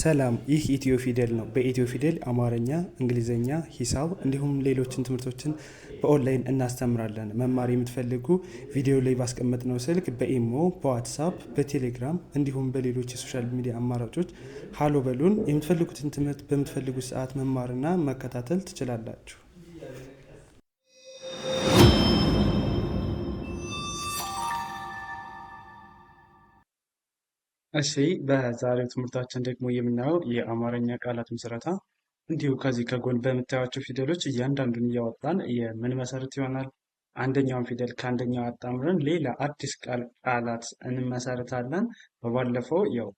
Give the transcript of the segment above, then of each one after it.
ሰላም፣ ይህ ኢትዮ ፊደል ነው። በኢትዮ ፊደል አማርኛ፣ እንግሊዝኛ፣ ሂሳብ እንዲሁም ሌሎችን ትምህርቶችን በኦንላይን እናስተምራለን። መማር የምትፈልጉ ቪዲዮ ላይ ባስቀመጥነው ስልክ በኢሞ፣ በዋትሳፕ፣ በቴሌግራም እንዲሁም በሌሎች የሶሻል ሚዲያ አማራጮች ሀሎ በሉን። የምትፈልጉትን ትምህርት በምትፈልጉት ሰዓት መማርና መከታተል ትችላላችሁ። እሺ በዛሬው ትምህርታችን ደግሞ የምናየው የአማርኛ ቃላት ምስረታ እንዲሁ ከዚህ ከጎን በምታያቸው ፊደሎች እያንዳንዱን እያወጣን የምንመሰርት ይሆናል። አንደኛውን ፊደል ከአንደኛው አጣምረን ሌላ አዲስ ቃላት እንመሰርታለን። በባለፈው ያው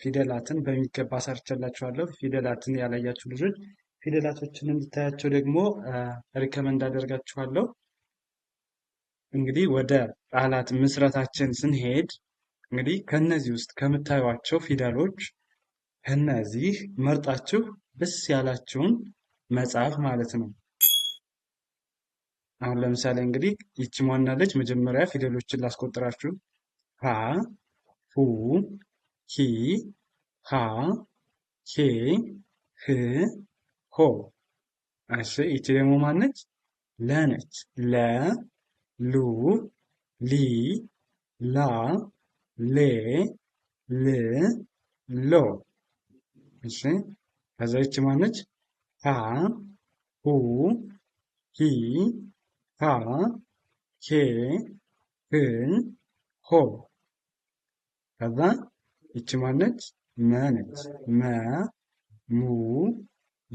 ፊደላትን በሚገባ አሰርቼላችኋለሁ። ፊደላትን ያላያችሁ ልጆች ፊደላቶችን እንድታያቸው ደግሞ ሪከመንድ አደርጋችኋለሁ። እንግዲህ ወደ ቃላት ምስረታችን ስንሄድ እንግዲህ ከነዚህ ውስጥ ከምታዩቸው ፊደሎች ከነዚህ መርጣችሁ ደስ ያላችሁን መጽሐፍ ማለት ነው። አሁን ለምሳሌ እንግዲህ ይቺ ማናለች? መጀመሪያ ፊደሎችን ላስቆጥራችሁ። ሀ፣ ሁ፣ ሂ፣ ሃ፣ ሄ፣ ህ፣ ሆ። እሺ፣ ይቺ ደግሞ ማነች? ለነች። ለ፣ ሉ፣ ሊ፣ ላ ሌ ል ሎ እሺ ከዛ ይቺ ማነች? ሀ ሁ ሂ ሃ ሄ ህ ሆ ከዛ ይቺ ማነች? መ ነች። መ ሙ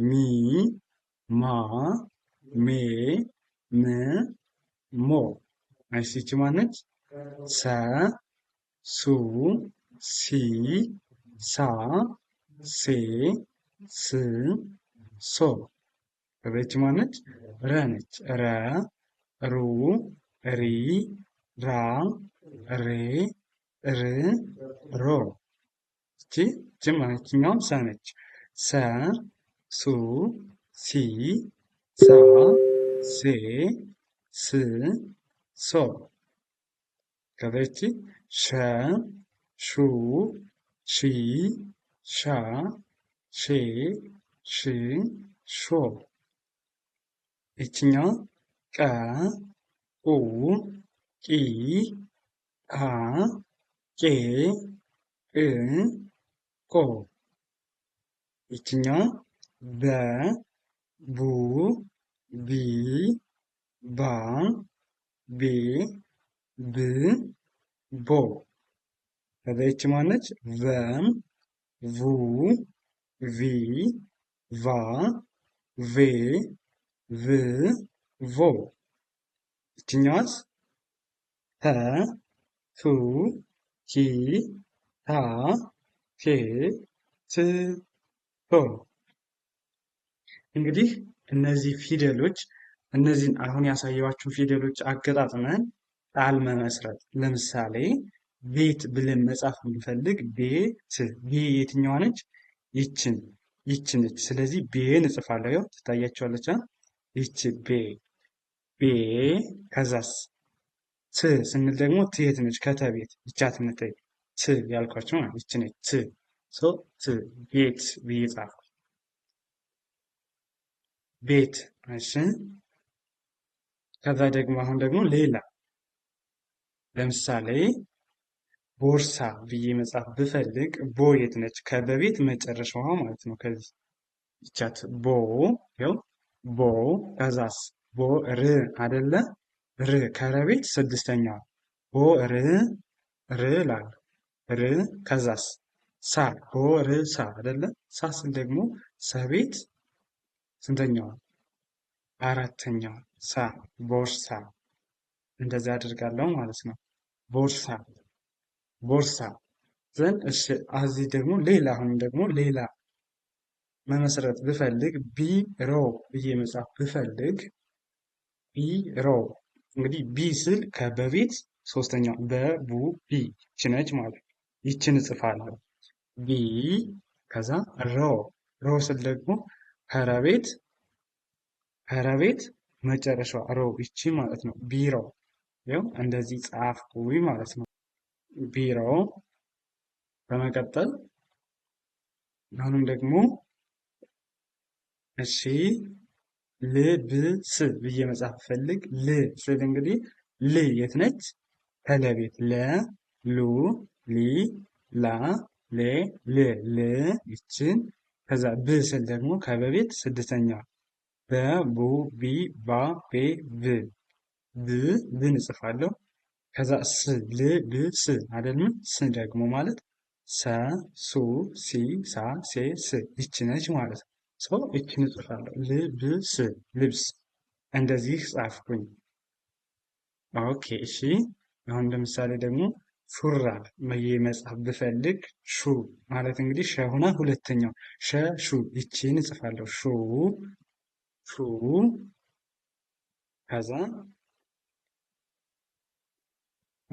ሚ ማ ሜ ም ሞ እሺ ማነች? ሰ ሱ ሲ ሳ ሴ ስ ሶ ከበች ማነች ረ ነች ረ ሩ ሪ ራ ሬ ር ሮ እቺ ጅማችኛውም ሰ ነች ሰ ሱ ሲ ሳ ሴ ስ ሶ ከበች ሸ ሹ ሺ ሻ ሼ ሽ ሾ ይችኛው ቀ ኡ ቂ አ ቄ እ ቆ ይችኛው በ ቡ ቢ ባ ቤ ብ ቮ ከዛ ይቺ ማነች? ቨም ቪ ቫ ቬ ቭ ቮ ይችኛዋስ ተ ቱ ቲ ታ ቴ ት ቶ እንግዲህ እነዚህ ፊደሎች እነዚህን አሁን ያሳየኋችሁ ፊደሎች አገጣጥመን ቃል መመስረት ለምሳሌ ቤት ብለን መጻፍ ብንፈልግ ቤት ቤ የትኛዋ ነች? ይችን ይች ነች። ስለዚህ ቤን እጽፋለሁ። ያው ትታያቸዋለች። ይች ቤ ቤ ከዛስ ት ስንል ደግሞ ት የት ነች? ከተ ቤት ይቻ ትምታይ ት ያልኳቸው ይች ነች። ት ሰው ት ቤት ብዬ ጻፍኩ። ቤት እሺ። ከዛ ደግሞ አሁን ደግሞ ሌላ ለምሳሌ ቦርሳ ብዬ መጻፍ ብፈልግ ቦ የት ነች? ከበቤት መጨረሻዋ ማለት ነው። ከዚህ ይቻት ቦ ው ቦ ከዛስ ቦ ር አደለ ር ከረቤት ስድስተኛ ቦ ር ር ላሉ ር ከዛስ ሳ ቦ ር ሳ አደለ ሳ ስል ደግሞ ሰቤት ስንተኛዋ አራተኛዋ ሳ ቦርሳ እንደዚህ አድርጋለሁ ማለት ነው። ቦርሳ ቦርሳ ዘን እሺ፣ አዚህ ደግሞ ሌላ አሁን ደግሞ ሌላ መመስረት ብፈልግ ቢሮ ብዬ መጻፍ ብፈልግ ቢሮ እንግዲህ ቢ ስል ከበቤት ሶስተኛው በቡ ቢ ችነች ማለት ይችን እጽፋለሁ። ቢ ከዛ ሮ ሮ ስል ደግሞ ከረቤት ከረቤት መጨረሻ ሮ ይቺ ማለት ነው ቢሮ ይኸው እንደዚህ ጻፍኩኝ ማለት ነው። ቢሮ በመቀጠል አሁንም ደግሞ እሺ ልብስ ብዬ መጻፍ ፈልግ ል ስል እንግዲህ ል የት ነች? ከለቤት ለ ሉ ሊ ላ ሌ ል ል ይችን ከዛ ብ ስል ደግሞ ከበቤት ስድስተኛ በ ቡ ቢ ባ ቤ ብ ብ ብን እጽፋለሁ። ከዛ ስ ል ብ ስ አይደልም? ስ ደግሞ ማለት ሰ ሱ ሲ ሳ ሴ ስ ይቺ ነች ማለት ሰው ይቺን እጽፋለሁ። ል ብ ስ ልብስ እንደዚህ ጻፍኩኝ። ኦኬ እሺ። አሁን ለምሳሌ ደግሞ ሹራብ መየ መጽሐፍ ብፈልግ ሹ ማለት እንግዲህ ሸ ሆና ሁለተኛው ሸ ሹ ይቺን እጽፋለሁ። ሹ ሹ ከዛ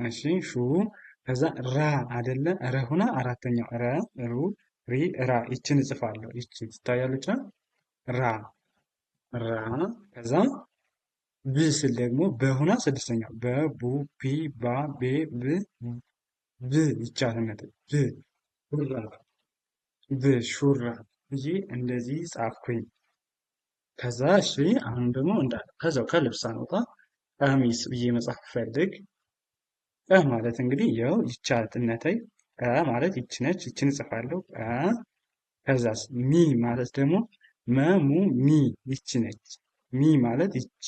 እሺ ሹ ከዛ ራ አደለ ረ ሁና አራተኛው ረ ሩ ሪ ራ ይችን እጽፋለሁ። ይቺ ትታያለች። ራ ራ ከዛ ብ ስል ደግሞ በሁና ስድስተኛው በ ቡ ፒ ባ ቤ ብ ብ ይቻለነት ብ ሹራ ብ ሹራ ብዬ እንደዚህ ጻፍኩኝ። ከዛ እሺ አሁን ደግሞ እንዳለ ከዛው ከልብስ አንወጣ ቀሚስ ብዬ መጻፍ ፈልግ እ ማለት እንግዲህ ይኸው ይቻት እነተይ እ ማለት ይች ነች። ይችን እጽፋለሁ እ ከዛስ ሚ ማለት ደግሞ መሙ ሚ ይች ነች። ሚ ማለት ይቺ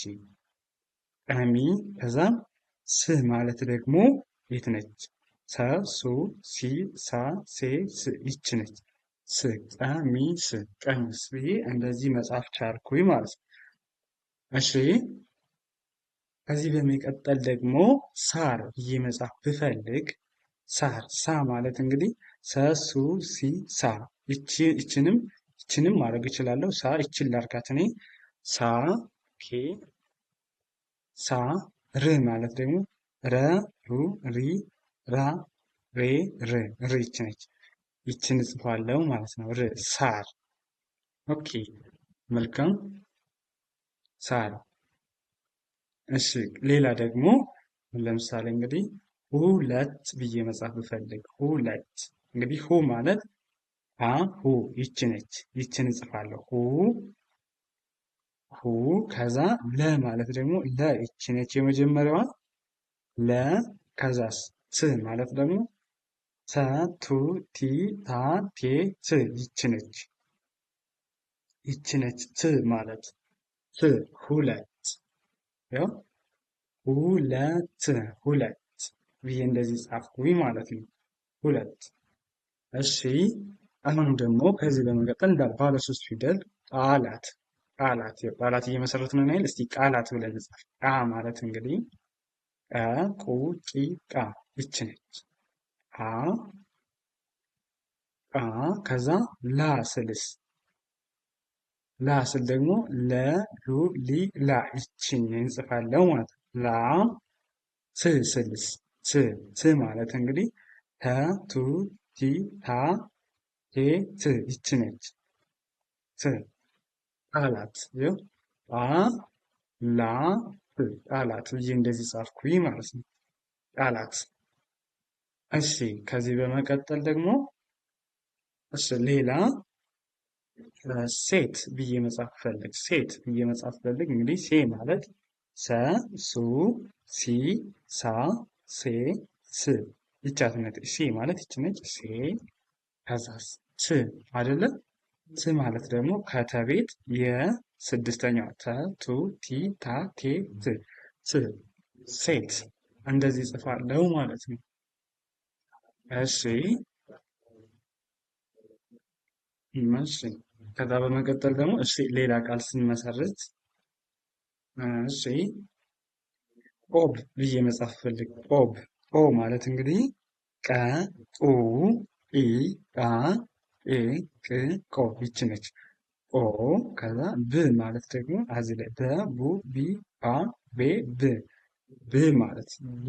ቀሚ ከዛ ስ ማለት ደግሞ የት ነች? ሰ ሱ ሲ ሳ ሴ ስ ይች ነች። ስ ቀሚ ስ ቀሚስ ብዬ እንደዚህ መጻፍ ቻልኩኝ ማለት ነው። እሺ ከዚህ በሚቀጠል ደግሞ ሳር ብዬ መጻፍ ብፈልግ ሳር ሳ ማለት እንግዲህ ሰሱ ሲ ሳ ይችንም ይችንም ማድረግ እችላለሁ። ሳ ይችን ላርጋት እኔ ሳ ኬ ሳ ር ማለት ደግሞ ረ ሩ ሪ ራ ሬ ር ር ይች ነች። ይችን እጽፏለሁ ማለት ነው። ር ሳር። ኦኬ መልካም ሳር እሺ ሌላ ደግሞ ለምሳሌ እንግዲህ ሁለት ብዬ መጻፍ ብፈልግ ሁለት እንግዲህ ሁ ማለት አ ሁ ይች ነች። ይችን እጽፋለሁ ሁ ሁ ከዛ ለ ማለት ደግሞ ለ ይች ነች የመጀመሪያዋ ለ ከዛ ት ማለት ደግሞ ሰ ቱ ቲ ታ ቴ ስ ይች ነች። ይች ነች ስ ማለት ስ ሁለት ያው ሁለት ሁለት ብዬ እንደዚህ ጻፍኩኝ ማለት ነው። ሁለት እሺ። አሁን ደግሞ ከዚህ በመቀጠል እንደ ባለ ሶስት ፊደል ቃላት ቃላት ቃላት እየመሰረት ነው ናይል እስቲ ቃላት ብለን ጻፍ። ቃ ማለት እንግዲህ ቀ ቁ ቂ ቃ ይች ነች። ቃ ቃ ከዛ ላ ስልስ ላ ስል ደግሞ ለ ሉ ሊ ላ ይችን እንጽፋለው ማለት ነው። ላ ስ ስልስ ስ ስ ማለት እንግዲህ ተ ቱ ቲ ታ ቴ ት ይች ነች። ት ጣላት ው ጣ ላ ስ ጣላት ብዬ እንደዚህ ጻፍኩኝ ማለት ነው። ጣላት። እሺ ከዚህ በመቀጠል ደግሞ እሺ ሌላ ሴት ብዬ መጻፍ ፈልግ ሴት ብዬ መጻፍ ፈልግ እንግዲህ ሴ ማለት ሰ ሱ ሲ ሳ ሴ ስ ይቻትነት ሲ ማለት ይችነች ሴ ከዛስ ት አደለ ት ማለት ደግሞ ከተቤት የስድስተኛው ተ ቱ ቲ ታ ቴ ት ት ሴት እንደዚህ ለው ማለት ነው። እሺ እሺ ከዛ በመቀጠል ደግሞ እሺ ሌላ ቃል ስንመሰርት እሺ ኦብ ብዬ መጻፍ ፈልግ ኦብ ኦ ማለት እንግዲህ ቀ ኡ ኢ ቃ ኤ ቅ ቆ ይች ነች። ኦ ከዛ ብ ማለት ደግሞ አዚ ላይ በ ቡ ቢ ባ ቤ ብ ብ ማለት ብ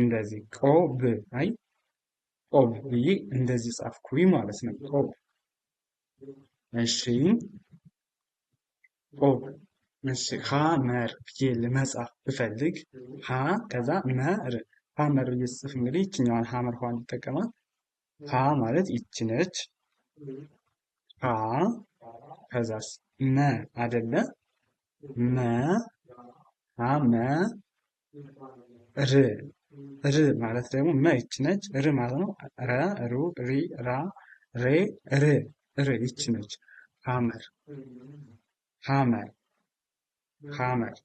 እንደዚህ ቆ ብ አይ ኦብ ብዬ እንደዚህ ጻፍኩኝ ማለት ነው ኦብ እሺ ኦ እሺ ሀመር ብዬ መጻፍ ብፈልግ ሀ ከዛ መር ሀመር ብዬ ስጽፍ እንግዲህ ይችኛዋን ሀመር ኋ እንጠቀማት ሀ ማለት ይቺ ነች። ሀ ከዛስ መ አደለ መ ሀመ ር ር ማለት ደግሞ መ ይቺ ነች። ር ማለት ነው ረ ሩ ሪ ራ ሬ ር እረ ይች ነች ሐመር ሐመር ሐመር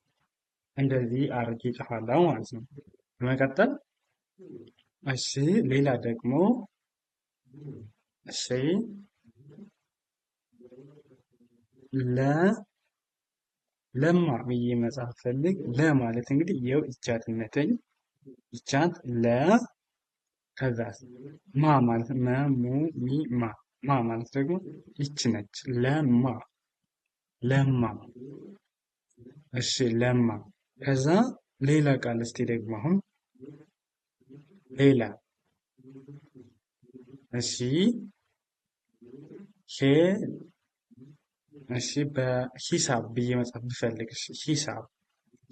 እንደዚህ አድርጌ እጽፋለሁ ማለት ነው። በመቀጠል እሺ፣ ሌላ ደግሞ እሺ፣ ለ ለማ ብዬ መጻፍ ፈልግ ለ ማለት እንግዲህ የው እቻትነተኝ እቻት ለ ከዛ ማ ማለት መ ሙ ሚ ማ ማ ማለት ደግሞ ይቺ ነች። ለማ ለማ። እሺ ለማ። ከዛ ሌላ ቃል እስቲ ደግሞ አሁን ሌላ። እሺ ሄ እሺ በሂሳብ ብዬ መጻፍ ብፈልግ ሂሳብ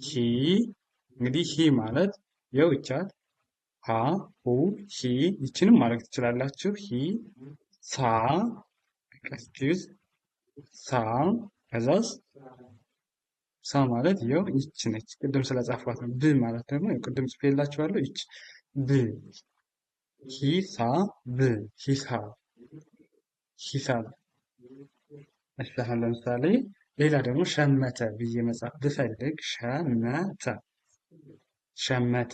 ሂ እንግዲህ ሂ ማለት የውቻት ሀ ሁ ሂ ይችንም ማድረግ ትችላላችሁ ሂ ሳ ቀስኪዝ ሳ ከዛስ ሳ ማለት ይኸው ይች ነች። ቅድም ስለጻፏት ነው። ብ ማለት ደግሞ ቅድም ጽፌላችኋለሁ። ይች ብ ሂሳ ብ ሂሳ ሂሳብ። እሺ ለምሳሌ ሌላ ደግሞ ሸመተ ብዬ መጻፍ ብፈልግ ሸመተ ሸመተ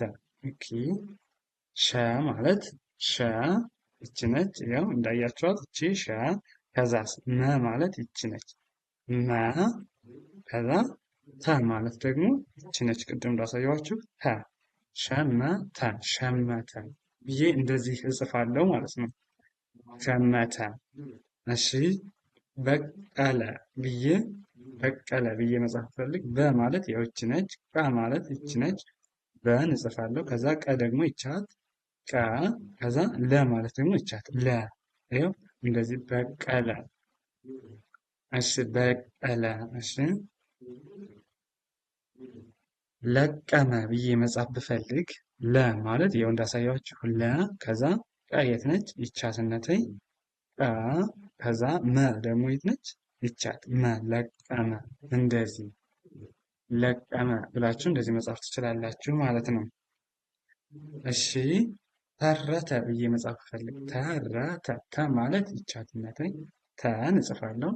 ኦኬ ሸ ማለት ሸ ይች ነች። ያው እንዳያችኋት እቺ ሸ ከዛስ መ ማለት ይች ነች። መ ከዛ ተ ማለት ደግሞ ይች ነች። ቅድም እንዳሳየኋችሁ ተ ሸመተ ሸመተ ብዬ እንደዚህ እጽፋለሁ ማለት ነው። ሸመተ። እሺ በቀለ ብዬ በቀለ ብዬ መጽሐፍ ፈልግ በ ማለት ያው ይች ነች። ቃ ማለት ይች ነች። በን እጽፋለሁ። ከዛ ቀ ደግሞ ይቻት ቀ ከዛ ለ ማለት ደግሞ ይቻት ለ ይኸው እንደዚህ በቀለ። እሺ በቀለ። እሺ ለቀመ ብዬ መጻፍ ብፈልግ ለ ማለት ይኸው እንዳሳያችሁ ለ ከዛ ቀ የት ነች? ይቻትነተኝ ቀ ከዛ መ ደግሞ የት ነች? ይቻት መ ለቀመ። እንደዚህ ለቀመ ብላችሁ እንደዚህ መጻፍ ትችላላችሁ ማለት ነው። እሺ ተረተ ብዬ መጻፍ ፈልግ ተረተ ተ ማለት ይቻትነት ተ እጽፋለሁ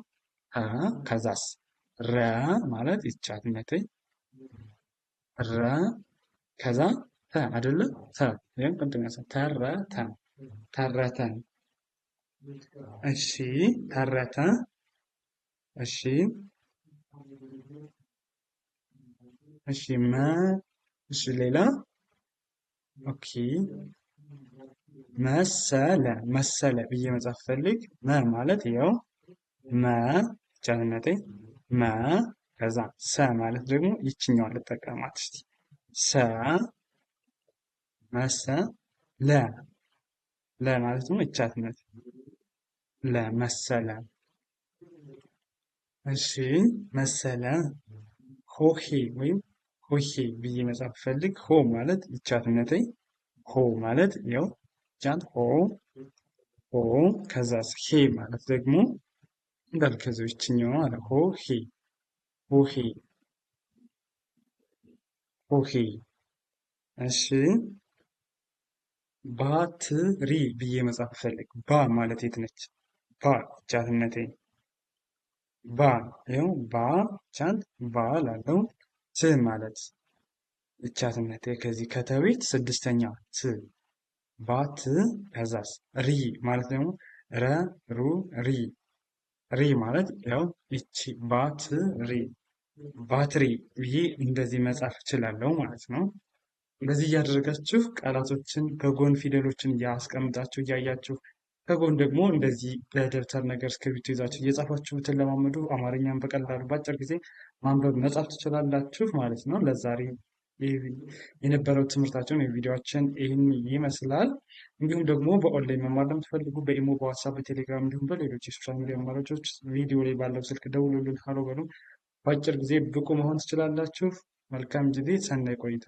ተ ከዛስ ረ ማለት ይቻትነት ረ ከዛ ተ አይደለ ተ ይሄን ቅድም ያሰ ተረተ ተረተ እሺ ተረተ እሺ እሺ መ እሺ ሌላ ኦኬ መሰለ መሰለ ብዬ መጻፍ ፈልግ መ ማለት ይኸው መ ቻንነቴ መ ከዛ ሰ ማለት ደግሞ ይችኛዋን ልጠቀማት እስቲ ሰ መሰ ለ ለ ማለት ደግሞ ይቻትነት ለመሰለ እሺ መሰለ ሆሄ ወይም ሆሄ ብዬ መጻፍ ፈልግ ሆ ማለት ይቻትነተኝ ሆ ማለት ያው ጃንት ሆ ሆ ከዛ ሄ ማለት ደግሞ እንዳል ከዚህ ይችኛው አለ ሆ ሄ ሆ ሄ ሆ ሄ። እሺ ባትሪ ብዬ መጻፍ ፈልግ ባ ማለት የት ነች? ባ ጃትነቴ ባ ይኸው ባ ቻንት ባ ላለው ት ማለት እቻትነቴ ከዚህ ከተቤት ስድስተኛ ት ባት ከዛስ ሪ ማለት ደግሞ ረ ሩ ሪ ሪ ማለት ያው እቺ ባት ሪ ባትሪ ብዬ እንደዚህ መጻፍ እችላለሁ ማለት ነው። እንደዚህ እያደረጋችሁ ቃላቶችን ከጎን ፊደሎችን እያስቀምጣችሁ እያያችሁ ከጎን ደግሞ እንደዚህ በደብተር ነገር እስክሪብቶ ይዛችሁ እየጻፋችሁ ብትለማመዱ አማርኛን በቀላሉ በአጭር ጊዜ ማንበብ መጻፍ ትችላላችሁ ማለት ነው ለዛሬ የነበረው ትምህርታችን የቪዲዮችን ይህን ይመስላል። እንዲሁም ደግሞ በኦንላይን መማር ለምትፈልጉ በኢሞ፣ በዋትሳፕ፣ በቴሌግራም እንዲሁም በሌሎች የሶሻል ሚዲያ አማራጮች ቪዲዮ ላይ ባለው ስልክ ደውሉልን፣ ሀሎ በሉ። በአጭር ጊዜ ብቁ መሆን ትችላላችሁ። መልካም ጊዜ፣ ሰናይ ቆይታ